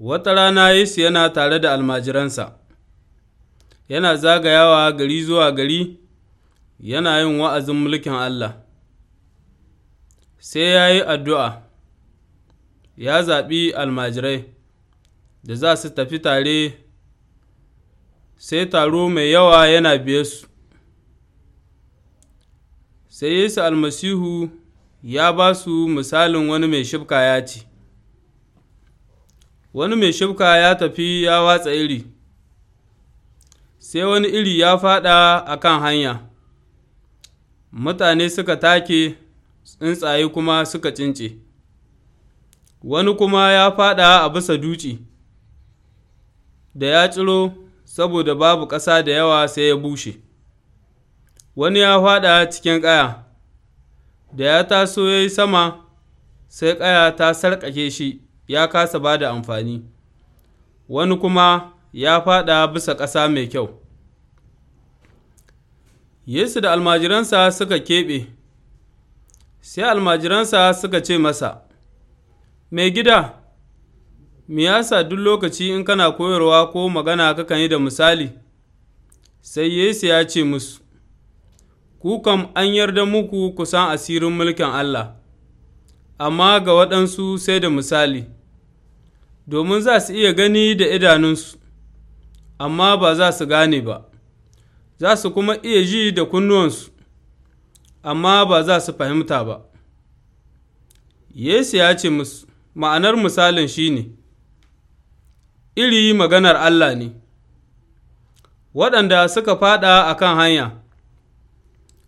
Wata rana Yesu yana tare da almajiransa, yana zagayawa gari zuwa gari, yana yin wa'azin mulkin Allah, sai ya yi addu'a, ya zaɓi almajirai da za su tafi tare, sai taro mai yawa yana biye su. Sai Yesu almasihu ya ba su misalin wani mai shifka ya ce, wani mai shibka ya tafi ya watsa iri, sai wani iri ya faɗa a kan hanya, mutane suka take, tsuntsaye kuma suka cince, wani kuma ya faɗa a bisa duci, da ya ciro saboda babu ƙasa da yawa sai ya bushe, wani ya faɗa cikin ƙaya, da ya taso ya yi sama, sai ƙaya ta sarƙake shi. ya kasa ba da amfani, wani kuma ya faɗa bisa ƙasa mai kyau. Yesu da almajiransa suka keɓe, sai almajiransa suka ce masa, Mai gida, me yasa duk lokaci in kana koyarwa ko magana kakan yi da misali? Sai Yesu ya ce musu, Ku kam an yarda muku kusan asirin mulkin Allah, amma ga waɗansu sai da misali. domin za su iya gani da idanunsu, amma ba za su gane ba, za su kuma iya ji da kunnuwansu, amma ba za su fahimta ba. Yesu ya ce musu, ma'anar misalin shi ne, iri maganar Allah ne, waɗanda suka faɗa a kan hanya,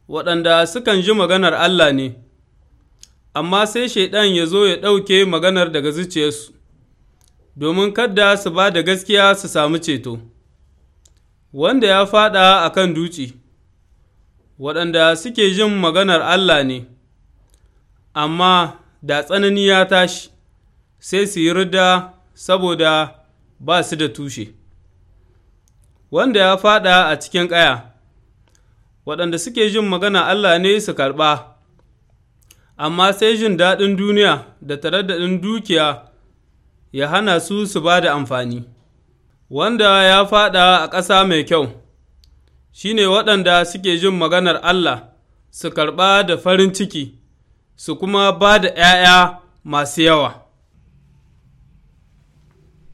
waɗanda sukan ji maganar Allah ne, amma sai Shaiɗan ya zo ya ɗauke maganar daga zuciyarsu. domin kadda su ba da gaskiya su sami ceto, wanda ya faɗa a kan dutse waɗanda suke jin maganar Allah ne, amma da tsanani ya tashi, sai su yi rida saboda ba su da tushe. Wanda ya faɗa a cikin ƙaya, waɗanda suke jin magana Allah ne su karɓa, amma sai jin daɗin duniya da tare dukiya. ya hana su su ba da amfani, wanda ya faɗa a ƙasa mai kyau, shi ne waɗanda suke jin maganar Allah su karɓa da farin ciki, su kuma ba da ’ya'ya masu yawa.